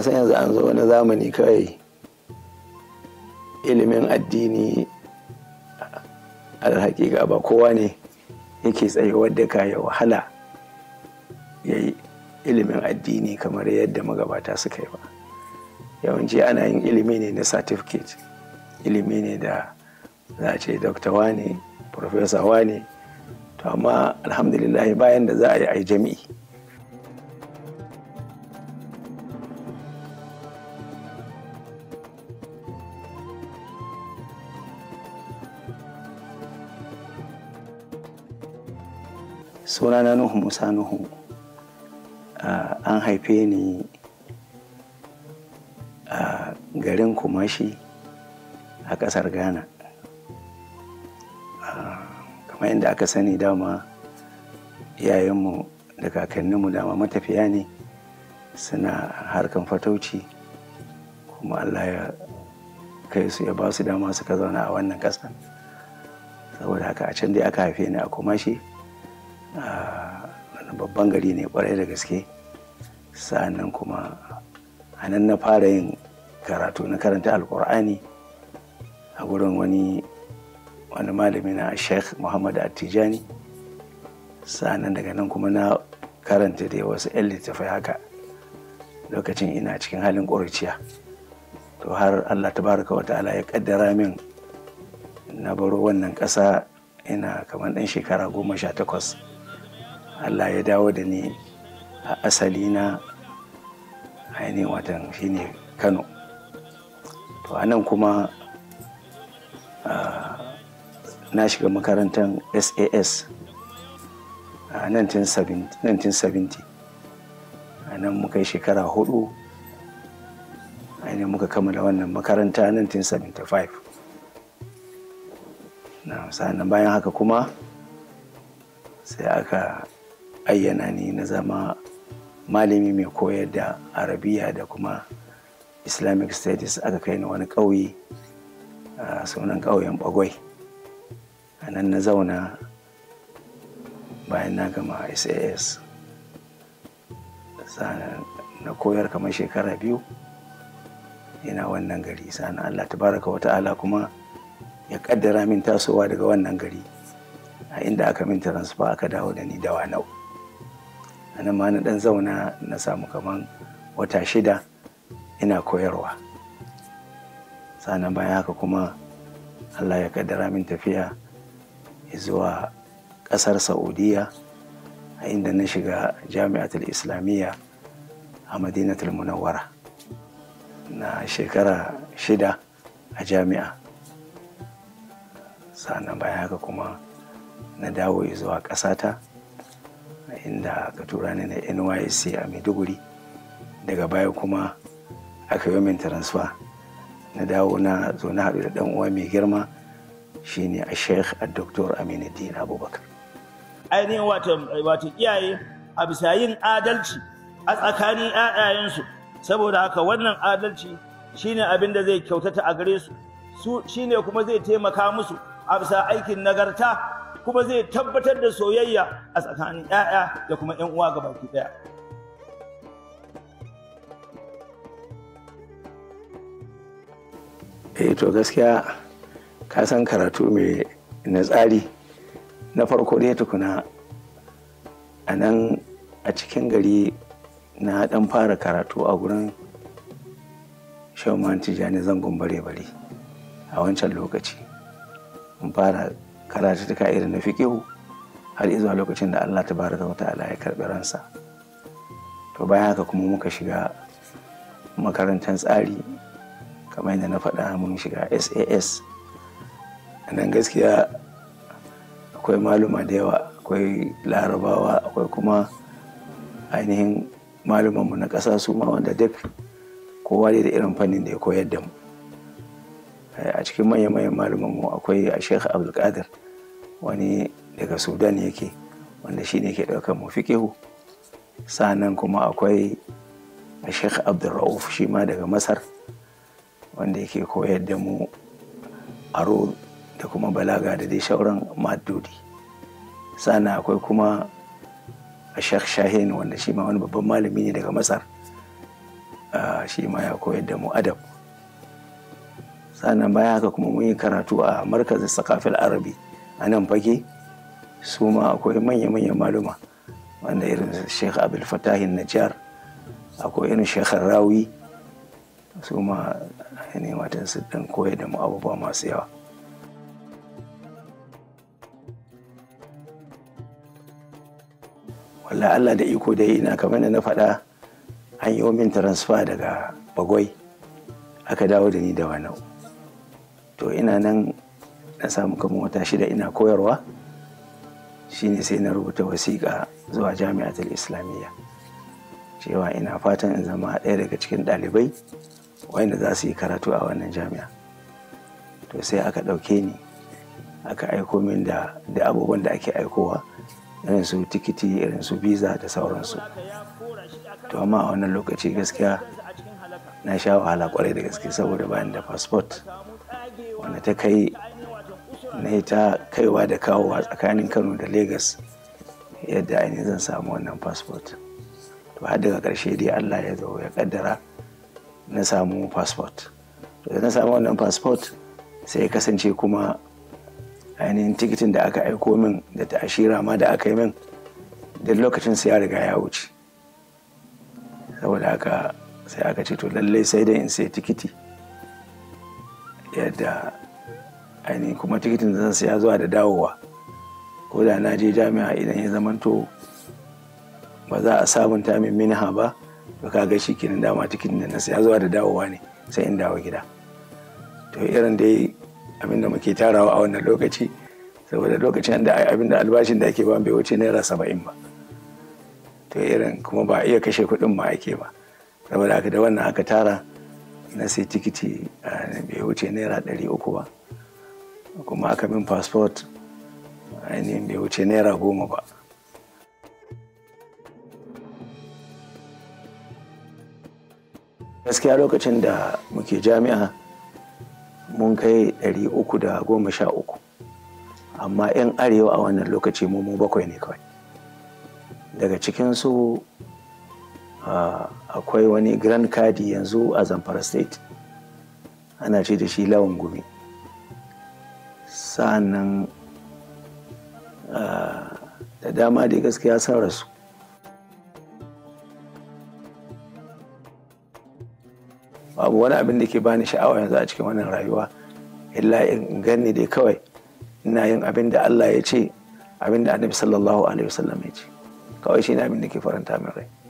san yanzu an zo wani zamani kawai ilimin addini hakika ba kowa ne yake tsayuwar da ya wahala ya yi ilimin addini kamar yadda magabata suka yi ba yawanci ana yin ilimi ne na certificate ilimi ne da za a ce dokta wane profesa wane to amma alhamdulillah bayan da za a yi a jami'i sunana nuhu musa nuhu an haife ni a garin kumashi a ƙasar ghana kamar yadda aka sani dama iyayenmu da kakanninmu dama matafiya ne suna harkan fatauci kuma allah ya kai su ya ba su dama suka zauna a wannan ƙasa saboda haka a can dai aka haife ni a kumashi Ah, wani babban gari ne kwarai da gaske sa'annan kuma a nan na fara yin karatu na karanta alkur'ani a gurin wani wani malami na sheikh muhammad attijani sa'annan daga nan kuma na karanta da wasu 'yan littafai haka lokacin ina cikin halin ƙuruciya to har allah tabaraka wa ta'ala ya kaddara min na baro wannan ƙasa ina kamar ɗan shekara goma sha takwas Allah ya dawo da ni a asali na ainihin watan shine Kano to anan kuma na shiga makarantar SAS a 1970 a nan muka yi shekara hudu ainihin muka kammala wannan makaranta 1975 na sa'an bayan haka kuma sai aka ayyana ni na zama malami mai koyar da arabiya da kuma islamic studies aka kai ni wani ƙauye a sunan ƙauyen bagwai a nan na zauna bayan na gama sas na koyar kamar shekara biyu yana wannan gari sana allah ta baraka wa ta'ala kuma ya kaddara min tasowa daga wannan gari a inda aka min transfer aka dawo da ni dawa nau ana ma na dan zauna na samu kaman wata shida ina koyarwa sannan bayan haka kuma allah ya kaddara min tafiya zuwa ƙasar saudiya a inda na shiga jami'atul islamiyya a madinatul munawwara na shekara shida a jami'a sannan bayan haka kuma na dawo zuwa ƙasata inda aka tura ni na nysc a maiduguri daga baya kuma aka yi min transfer na dawo na zo na haɗu da ɗan uwa mai girma shine a sheikh a doktor aminuddin abubakar ainihin wato iyaye a bisa yin adalci a tsakanin 'ya'yayansu saboda haka wannan adalci shine abin da zai kyautata a gare su shine kuma zai taimaka musu a bisa aikin nagarta kuma zai tabbatar da soyayya a tsakanin ƴaƴa da kuma 'yan uwa gabaki ɗaya eh to gaskiya ka san karatu mai na tsari na farko dai tukuna a nan a cikin gari na ɗan fara karatu a gurin shauman tijjani zan bare-bare a wancan lokaci in fara karatu ta irin na fiƙihu har zuwa lokacin da Allah ta baraka wa ta'ala ya karɓi ransa to bayan haka kuma muka shiga makarantar tsari kamar yadda na faɗa mun shiga SAS nan gaskiya akwai maluma da yawa akwai larabawa akwai kuma ainihin malumanmu na ƙasa su ma wanda duk kowa da irin fannin da ya koyar da mu Eh, a cikin manya-manyan mu akwai a sheikh abdulkadir wani daga sudan yake wanda shi ke ɗaukar mu fikihu sanan kuma akwai a sheikh abdulrauf shi ma daga masar wanda yake koyar da mu aro da kuma balaga da dai shauran madudi sana akwai kuma a sheikh shahin wanda shi ma wani babban malami ne daga masar ah, shi ma ya koyar da mu adab sannan baya haka kuma mun yi karatu a markazin sakafil arabi a nan fage su ma akwai manya-manyan maluma wanda irin sheikh abul fatahin najjar akwai irin sheikh rawi su ma ne matan su dan da mu abubuwa masu yawa wala Allah da iko da ina kamar da na faɗa hanyoyin transfer daga bagwai aka dawo da ni da wani to ina nan na samu kamar wata shida ina koyarwa shine sai na rubuta wasiƙa zuwa jami'atul islamiyya cewa ina fatan in zama ɗaya daga cikin ɗalibai wanda za su yi karatu a wannan jami'a to sai aka ɗauke ni aka aiko min da abubuwan da ake aikowa irin su tikiti irin su biza da sauransu to amma a wannan lokaci gaskiya na sha wahala kwarai da gaske saboda bayan da fasfot wanda ta kai na ta kaiwa da kawowa tsakanin kano da lagos yadda aini zan samu wannan fasfot to har daga ƙarshe dai allah ya zo ya kaddara na samu fasfot to na samu wannan fasfot sai ya kasance kuma ainihin tikitin da aka aiko min da ta ashira ma da aka yi min da lokacin sai ya riga ya wuce saboda haka sai aka ce to lallai sai dai in sai tikiti yadda ainihin kuma tikitin da zan siya zuwa da dawowa ko da na je jami'a idan ya zamanto ba za a sabunta min miniha ba to ga shi kenan dama tikitin da na siya zuwa da dawowa ne sai in dawo gida to irin dai abin da muke tarawa a wannan lokaci saboda lokacin da abin da albashin da ake ba bai wuce naira saba'in ba to irin kuma ba a iya kashe kuɗin ma ake ba saboda haka da wannan aka tara na sai tikiti eh, bai wuce naira ɗari uku ba kuma aka bin fasfot ainihin bai wuce naira goma ba gaskiya lokacin da muke jami'a mun kai ɗari uku da goma sha uku amma 'yan arewa a wannan lokaci mu bakwai ne kawai daga cikinsu ah, akwai wani grand kadi yanzu a zamfara state ana ce da shi lawan gumi sa'annan ah, da dama da gaskiya san rasu babu wani abin da ke bani sha'awa yanzu a cikin wannan rayuwa illa in ganni dai kawai ina yin abin da Allah ya ce abin da annabi sallallahu alaihi wasallam ya ce kawai shi ne abin da ke faranta min rai